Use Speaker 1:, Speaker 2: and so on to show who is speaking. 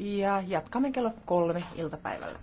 Speaker 1: ja jatkamme kello kolme iltapäivällä.